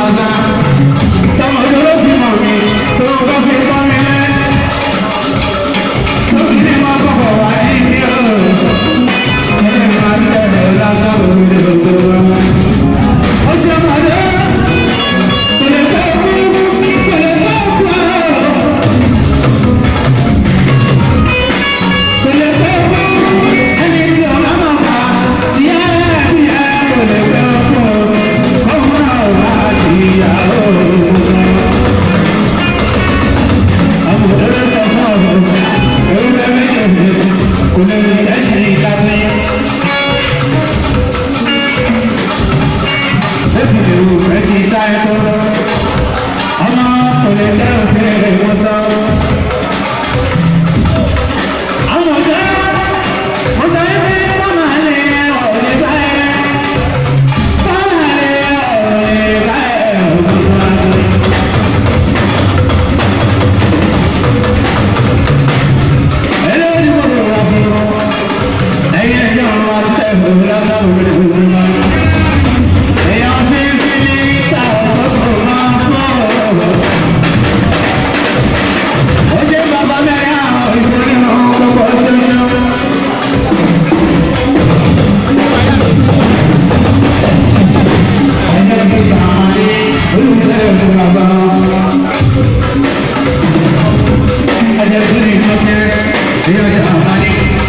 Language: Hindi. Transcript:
nada हिस्सा है तो हम आपको लेकर Thank honey.